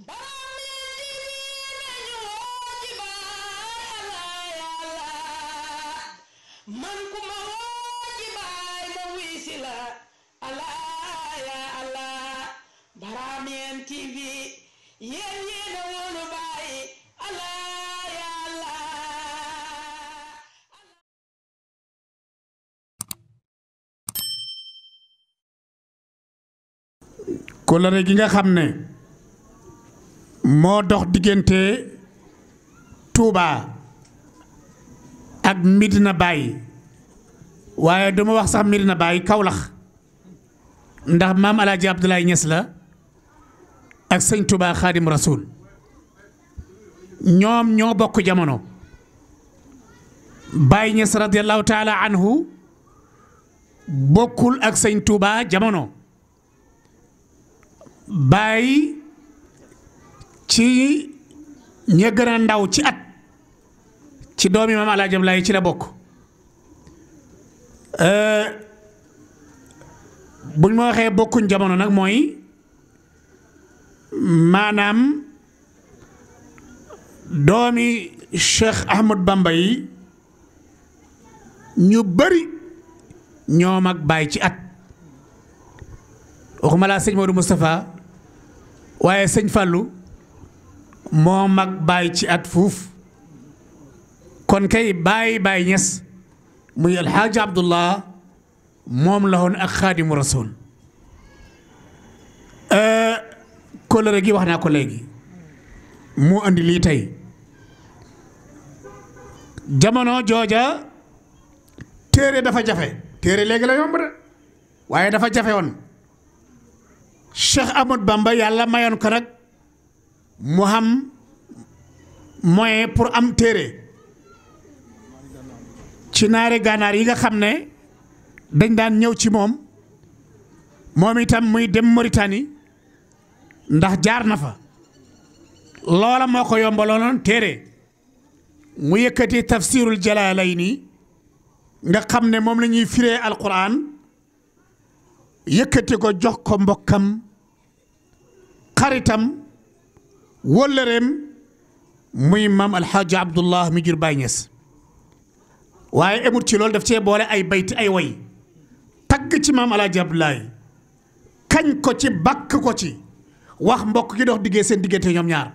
man ku ma woo baay ma wuy allah ya allah Baramien TV yéen yéen woonu baay allah ya allah. kóllëre gi nga xam ne. moo dox diggante Touba ak Medina bàyyi waaye duma wax sax na bàyyi kawlax ndax maam Alaaji Abdoulaye Niass la ak sëñ Touba Xaadim Rasoul ñoom ñoo bokk jamono bàyyi Niass radiallahu taala anhu bokkul ak sëñ Touba jamono Baye ci ña gën a ndaw ci at ci doomi maam Alaaji Ablaay ci la bokk euh, buñ ma waxee bokkuñ jamono nag mooy maanaam doomi Cheikh Ahmad Bamba yi ñu bari ñoom ak ci at waxuma laa sëñ Modou Moustapha waaye sëñ Fallou moo mag baay ci at fuuf kon kay baay baay ñes muy alxaaji abdullah moom la woon ak xaadimu rasul euh, kóllëre gi wax naa ko léegi mu andi lii tey jamono jooja téere dafa jafe téere léegi la yomb de waaye dafa jafe woon Cheikh Ahmad Bamba yàlla mayoon ko nag mu xam moyen pour am téere ci naare ganaar yi nga xam ne dañ daan ñëw ci moom moom itam muy dem Mauritanie ndax jaar na fa loola moo ko yombaloon téere mu yëkkati tafsirul jalaalayni nga xam ne moom la ñuy firee alquran yëkkati ko jox ko mbokkam xaritam wóllëreem muy maam alxaaji abdullah mi jur Baay Ñas waaye emut ci loolu daf cee boole ay bayt ay woy tagg ci maam alxaaji abdullahi kañ ko ci bakk ko ci wax mbokk gi dox diggee seen diggante ñoom ñaar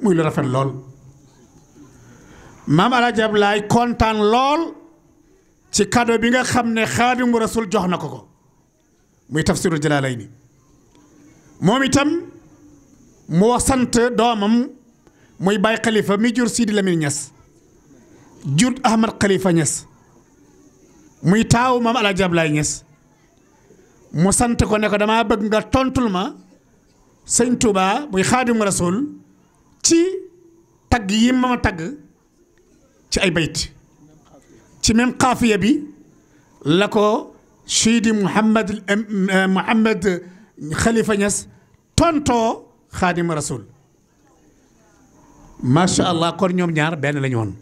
muy lu rafet lool maam alxaaji abdullahi kontaan lool ci cadeau bi nga xam ne xaadimu rasul jox na ko ko muy tafsirul jalaalayni moom itam moo sant doomam muy Baye Khalifa mi jur Sidi Lamine Niass jur Ahmad Khalifa Niass muy taawu maam El Hadj mu sant ko ne dama bëgg nga tontul ma sëñ Touba muy xaadimu rasul ci tagg yi ma tagg ci ay bayt ci même xaafiya bi la ko Sidi Mouhamed Mouhamed Khalifa Niass tontoo. xaadima rasul macha allah kon ñoom ñaar benn la ñu woon.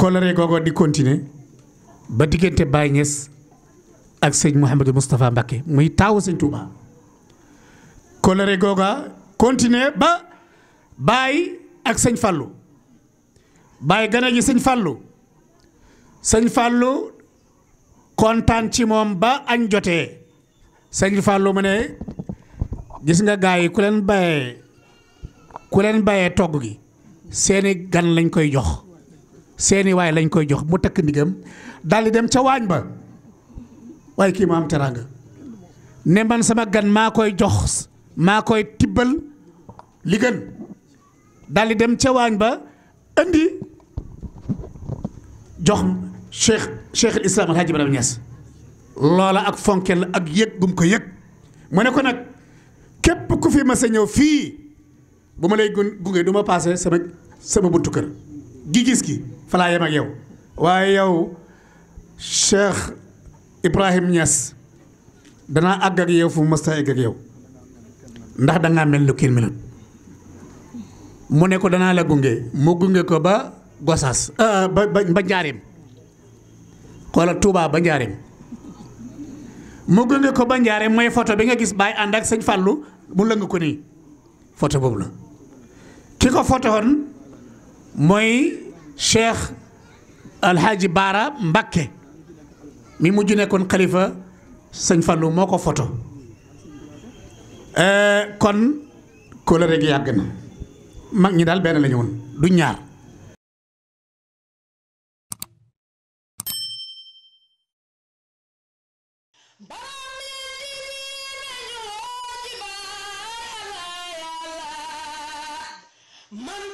kolore googu di continuer ba diggante Baye Niass ak sëñ Mouhamadou Moustapha Mbacké muy taawu sëñ Touba. kolore googa continuer ba Baye ak sëñ Fallou Baye gane ji sëñ Fallou sëñ Fallou kontaan ci moom ba añ jotee sëñ Fallou mu ne. gis nga gaa yi ku leen bayee ku leen bayee togg gi seeni gan lañ koy jox seeni waay lañ koy jox mu takk ndigam daldi dem ca waañ ba waaye kii ma am teraanga sama gan maa koy jox maa koy tibbal li gën daldi dem ca waañ ba indi jox cheikh cheikh al loola ak fonkel ak yëg gum ko yëg mu ne ko nag képp ku fi ma sa ñëw fii bu ma lay gunge du ma paase sama sama buntu kër gi gis gi fa laa yem yow waaye yow Cheikh Ibrahim ñas danaa àgg ak yow fu mu mës a ak yow ndax dangaa mel lu kiir mi nag mu ne ko danaa la gunge mu gunge ko ba Gosaas euh, ba ba Njaareem xoola Touba ba Njaareem mu gunge ko ba Njaareem mooy foto bi nga gis bàyyi ànd ak sëñ Fallou mu lëng ko nii photo boobu la ki ko fotoon mooy cheikh alhaaji baara mbàkke mi mujj nekkoon xalifa sëñ Fallou moo ko foto euh, kon kóllëre gi yàgg na mag ñi daal benn la ñu du ñaar Money